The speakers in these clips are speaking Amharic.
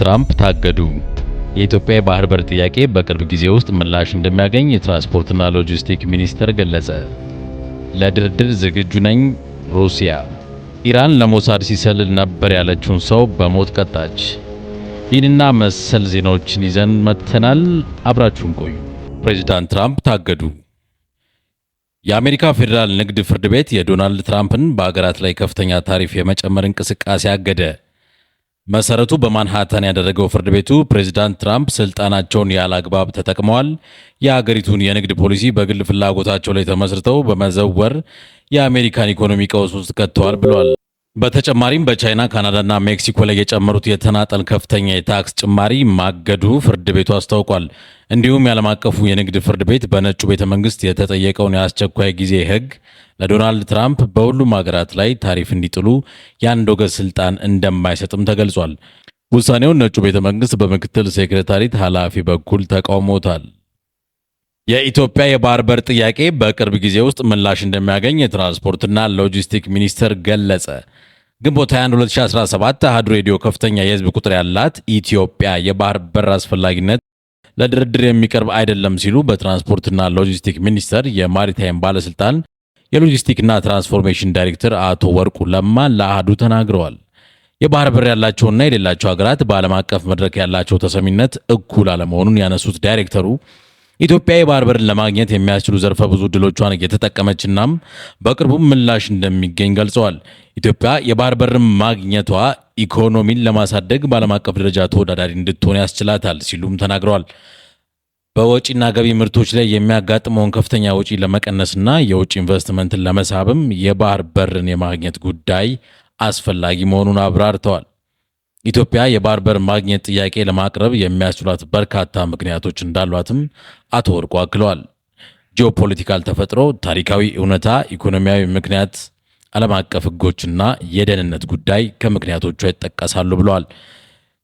ትራምፕ ታገዱ። የኢትዮጵያ የባህር በር ጥያቄ በቅርብ ጊዜ ውስጥ ምላሽ እንደሚያገኝ የትራንስፖርትና ሎጂስቲክ ሚኒስቴር ገለጸ። ለድርድር ዝግጁ ነኝ ሩሲያ። ኢራን ለሞሳድ ሲሰልል ነበር ያለችውን ሰው በሞት ቀጣች። ይህንና መሰል ዜናዎችን ይዘን መጥተናል። አብራችሁን ቆዩ። ፕሬዚዳንት ትራምፕ ታገዱ። የአሜሪካ ፌዴራል ንግድ ፍርድ ቤት የዶናልድ ትራምፕን በአገራት ላይ ከፍተኛ ታሪፍ የመጨመር እንቅስቃሴ አገደ። መሰረቱ በማንሃተን ያደረገው ፍርድ ቤቱ ፕሬዚዳንት ትራምፕ ስልጣናቸውን ያለ አግባብ ተጠቅመዋል፣ የአገሪቱን የንግድ ፖሊሲ በግል ፍላጎታቸው ላይ ተመስርተው በመዘወር የአሜሪካን ኢኮኖሚ ቀውስ ውስጥ ከተዋል ብሏል። በተጨማሪም በቻይና ካናዳና ሜክሲኮ ላይ የጨመሩት የተናጠል ከፍተኛ የታክስ ጭማሪ ማገዱ ፍርድ ቤቱ አስታውቋል። እንዲሁም የዓለም አቀፉ የንግድ ፍርድ ቤት በነጩ ቤተ መንግስት የተጠየቀውን የአስቸኳይ ጊዜ ህግ ለዶናልድ ትራምፕ በሁሉም ሀገራት ላይ ታሪፍ እንዲጥሉ የአንድ ወገን ስልጣን እንደማይሰጥም ተገልጿል። ውሳኔውን ነጩ ቤተ መንግስት በምክትል ሴክሬታሪት ኃላፊ በኩል ተቃውሞታል። የኢትዮጵያ የባህር በር ጥያቄ በቅርብ ጊዜ ውስጥ ምላሽ እንደሚያገኝ የትራንስፖርትና ሎጂስቲክ ሚኒስቴር ገለጸ። ግንቦት 21 2017 አህዱ ሬዲዮ ከፍተኛ የህዝብ ቁጥር ያላት ኢትዮጵያ የባህር በር አስፈላጊነት ለድርድር የሚቀርብ አይደለም ሲሉ በትራንስፖርትና ሎጂስቲክ ሚኒስቴር የማሪታይም ባለስልጣን የሎጂስቲክና ትራንስፎርሜሽን ዳይሬክተር አቶ ወርቁ ለማ ለአህዱ ተናግረዋል። የባህር በር ያላቸውና የሌላቸው ሀገራት በዓለም አቀፍ መድረክ ያላቸው ተሰሚነት እኩል አለመሆኑን ያነሱት ዳይሬክተሩ ኢትዮጵያ የባህር በርን ለማግኘት የሚያስችሉ ዘርፈ ብዙ እድሎቿን እየተጠቀመችና በቅርቡም ምላሽ እንደሚገኝ ገልጸዋል። ኢትዮጵያ የባህር በርን ማግኘቷ ኢኮኖሚን ለማሳደግ በዓለም አቀፍ ደረጃ ተወዳዳሪ እንድትሆን ያስችላታል ሲሉም ተናግረዋል። በወጪና ገቢ ምርቶች ላይ የሚያጋጥመውን ከፍተኛ ወጪ ለመቀነስና የውጭ ኢንቨስትመንትን ለመሳብም የባህር በርን የማግኘት ጉዳይ አስፈላጊ መሆኑን አብራርተዋል። ኢትዮጵያ የባህር በር ማግኘት ጥያቄ ለማቅረብ የሚያስችሏት በርካታ ምክንያቶች እንዳሏትም አቶ ወርቁ አክለዋል። ጂኦፖለቲካል ተፈጥሮ፣ ታሪካዊ እውነታ፣ ኢኮኖሚያዊ ምክንያት፣ ዓለም አቀፍ ሕጎችና የደህንነት ጉዳይ ከምክንያቶቿ ይጠቀሳሉ ብለዋል።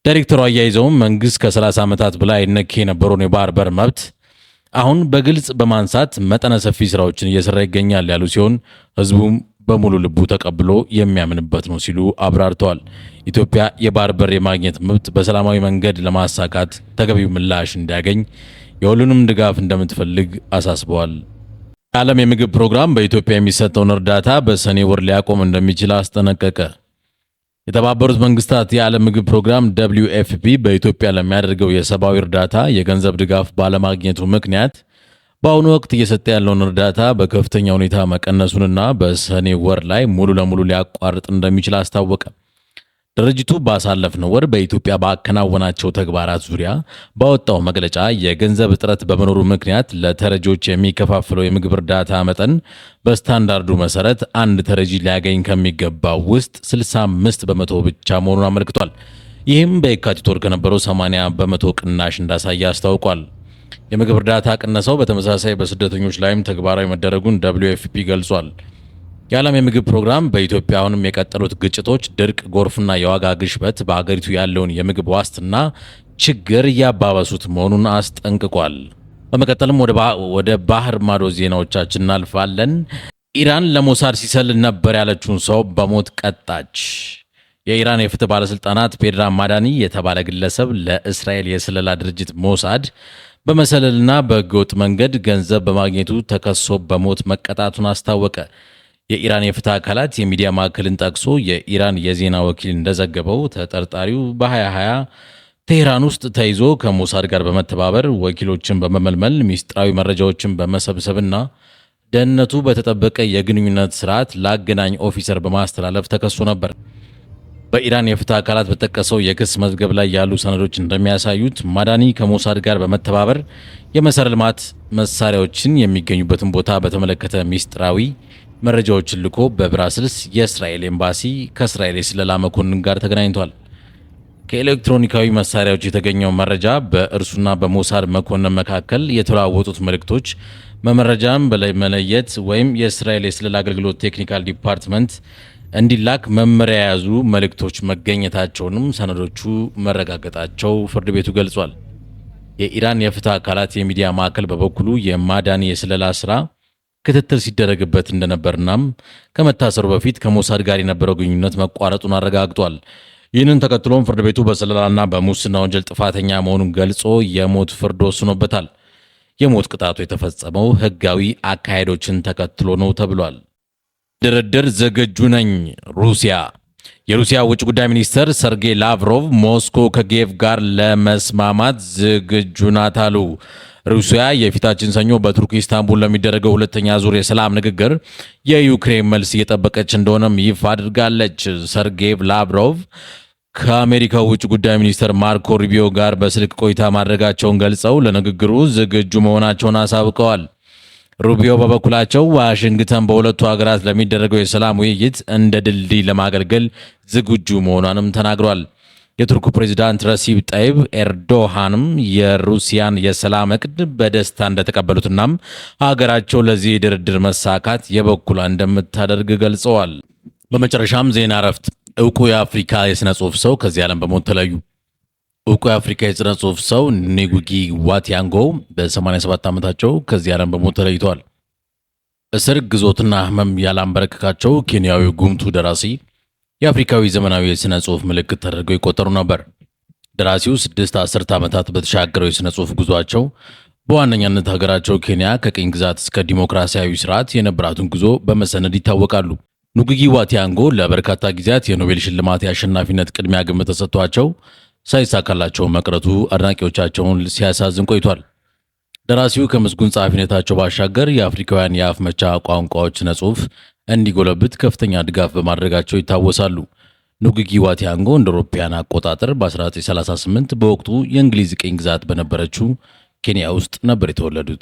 ዳይሬክተሩ አያይዘውም መንግስት ከ30 ዓመታት በላይ ነክ የነበረውን የባህር በር መብት አሁን በግልጽ በማንሳት መጠነ ሰፊ ስራዎችን እየሰራ ይገኛል ያሉ ሲሆን ህዝቡም በሙሉ ልቡ ተቀብሎ የሚያምንበት ነው ሲሉ አብራርተዋል። ኢትዮጵያ የባህር በር የማግኘት መብት በሰላማዊ መንገድ ለማሳካት ተገቢው ምላሽ እንዲያገኝ የሁሉንም ድጋፍ እንደምትፈልግ አሳስበዋል። የዓለም የምግብ ፕሮግራም በኢትዮጵያ የሚሰጠውን እርዳታ በሰኔ ወር ሊያቆም እንደሚችል አስጠነቀቀ። የተባበሩት መንግስታት የዓለም ምግብ ፕሮግራም ደብሊው ኤፍ በኢትዮጵያ ለሚያደርገው የሰብአዊ እርዳታ የገንዘብ ድጋፍ ባለማግኘቱ ምክንያት በአሁኑ ወቅት እየሰጠ ያለውን እርዳታ በከፍተኛ ሁኔታ መቀነሱንና በሰኔ ወር ላይ ሙሉ ለሙሉ ሊያቋርጥ እንደሚችል አስታወቀ። ድርጅቱ ባሳለፍነው ወር በኢትዮጵያ ባከናወናቸው ተግባራት ዙሪያ ባወጣው መግለጫ የገንዘብ እጥረት በመኖሩ ምክንያት ለተረጂዎች የሚከፋፍለው የምግብ እርዳታ መጠን በስታንዳርዱ መሰረት አንድ ተረጂ ሊያገኝ ከሚገባው ውስጥ 65 በመቶ ብቻ መሆኑን አመልክቷል። ይህም በየካቲት ወር ከነበረው 80 በመቶ ቅናሽ እንዳሳየ አስታውቋል። የምግብ እርዳታ ቅነሳው በተመሳሳይ በስደተኞች ላይም ተግባራዊ መደረጉን ደብሊዩ ኤፍፒ ገልጿል። የዓለም የምግብ ፕሮግራም በኢትዮጵያ አሁንም የቀጠሉት ግጭቶች፣ ድርቅ፣ ጎርፍና የዋጋ ግሽበት በአገሪቱ ያለውን የምግብ ዋስትና ችግር እያባበሱት መሆኑን አስጠንቅቋል። በመቀጠልም ወደ ባህር ማዶ ዜናዎቻችን እናልፋለን። ኢራን ለሞሳድ ሲሰል ነበር ያለችውን ሰው በሞት ቀጣች። የኢራን የፍትህ ባለሥልጣናት ፔድራ ማዳኒ የተባለ ግለሰብ ለእስራኤል የስለላ ድርጅት ሞሳድ በመሰለልና በህገወጥ መንገድ ገንዘብ በማግኘቱ ተከሶ በሞት መቀጣቱን አስታወቀ። የኢራን የፍትህ አካላት የሚዲያ ማዕከልን ጠቅሶ የኢራን የዜና ወኪል እንደዘገበው ተጠርጣሪው በ2020 ቴህራን ውስጥ ተይዞ ከሞሳድ ጋር በመተባበር ወኪሎችን በመመልመል ሚስጥራዊ መረጃዎችን በመሰብሰብና ደህንነቱ በተጠበቀ የግንኙነት ስርዓት ለአገናኝ ኦፊሰር በማስተላለፍ ተከሶ ነበር። በኢራን የፍትህ አካላት በጠቀሰው የክስ መዝገብ ላይ ያሉ ሰነዶች እንደሚያሳዩት ማዳኒ ከሞሳድ ጋር በመተባበር የመሰረተ ልማት መሳሪያዎችን የሚገኙበትን ቦታ በተመለከተ ሚስጥራዊ መረጃዎችን ልኮ በብራስልስ የእስራኤል ኤምባሲ ከእስራኤል የስለላ መኮንን ጋር ተገናኝቷል። ከኤሌክትሮኒካዊ መሳሪያዎች የተገኘው መረጃ በእርሱና በሞሳድ መኮንን መካከል የተለዋወጡት መልእክቶች መመረጃን በላይ መለየት ወይም የእስራኤል የስለላ አገልግሎት ቴክኒካል ዲፓርትመንት እንዲላክ መመሪያ የያዙ መልእክቶች መገኘታቸውንም ሰነዶቹ መረጋገጣቸው ፍርድ ቤቱ ገልጿል። የኢራን የፍትህ አካላት የሚዲያ ማዕከል በበኩሉ የማዳን የስለላ ስራ ክትትል ሲደረግበት እንደነበርናም ከመታሰሩ በፊት ከሞሳድ ጋር የነበረው ግንኙነት መቋረጡን አረጋግጧል። ይህንን ተከትሎም ፍርድ ቤቱ በስለላና በሙስና ወንጀል ጥፋተኛ መሆኑን ገልጾ የሞት ፍርድ ወስኖበታል። የሞት ቅጣቱ የተፈጸመው ሕጋዊ አካሄዶችን ተከትሎ ነው ተብሏል። ድርድር ዝግጁ ነኝ ሩሲያ የሩሲያ ውጭ ጉዳይ ሚኒስትር ሰርጌይ ላቭሮቭ ሞስኮ ከኪየቭ ጋር ለመስማማት ዝግጁ ናት አሉ። ሩሲያ የፊታችን ሰኞ በቱርክ ኢስታንቡል ለሚደረገው ሁለተኛ ዙር የሰላም ንግግር የዩክሬን መልስ እየጠበቀች እንደሆነም ይፋ አድርጋለች። ሰርጌይ ላቭሮቭ ከአሜሪካው ውጭ ጉዳይ ሚኒስትር ማርኮ ሩቢዮ ጋር በስልክ ቆይታ ማድረጋቸውን ገልጸው ለንግግሩ ዝግጁ መሆናቸውን አሳውቀዋል። ሩቢዮ በበኩላቸው ዋሽንግተን በሁለቱ ሀገራት ለሚደረገው የሰላም ውይይት እንደ ድልድይ ለማገልገል ዝግጁ መሆኗንም ተናግሯል። የቱርኩ ፕሬዚዳንት ረሲብ ጣይብ ኤርዶሃንም የሩሲያን የሰላም እቅድ በደስታ እንደተቀበሉትናም ሀገራቸው ለዚህ የድርድር መሳካት የበኩሏ እንደምታደርግ ገልጸዋል። በመጨረሻም ዜና እረፍት። እውቁ የአፍሪካ የሥነ ጽሑፍ ሰው ከዚህ ዓለም በሞት ተለዩ። እውቁ የአፍሪካ የሥነ ጽሑፍ ሰው ኔጉጊ ዋቲያንጎ በ87 ዓመታቸው ከዚህ ዓለም በሞት ተለይተዋል። እስር፣ ግዞትና ሕመም ያላንበረከካቸው ኬንያዊ ጉምቱ ደራሲ የአፍሪካዊ ዘመናዊ የሥነ ጽሑፍ ምልክት ተደርገው ይቆጠሩ ነበር። ደራሲው ስድስት አስርት ዓመታት በተሻገረው የሥነ ጽሑፍ ጉዟቸው በዋነኛነት ሀገራቸው ኬንያ ከቅኝ ግዛት እስከ ዲሞክራሲያዊ ስርዓት የነበራትን ጉዞ በመሰነድ ይታወቃሉ። ኑጉጊ ዋቲያንጎ ለበርካታ ጊዜያት የኖቤል ሽልማት የአሸናፊነት ቅድሚያ ግምት ተሰጥቷቸው ሳይሳካላቸው መቅረቱ አድናቂዎቻቸውን ሲያሳዝን ቆይቷል። ደራሲው ከምስጉን ጸሐፊነታቸው ባሻገር የአፍሪካውያን የአፍ መፍቻ ቋንቋዎች ሥነ ጽሑፍ እንዲጎለብት ከፍተኛ ድጋፍ በማድረጋቸው ይታወሳሉ። ኑጉጊ ዋቲያንጎ እንደ አውሮፓውያን አቆጣጠር በ1938 በወቅቱ የእንግሊዝ ቅኝ ግዛት በነበረችው ኬንያ ውስጥ ነበር የተወለዱት።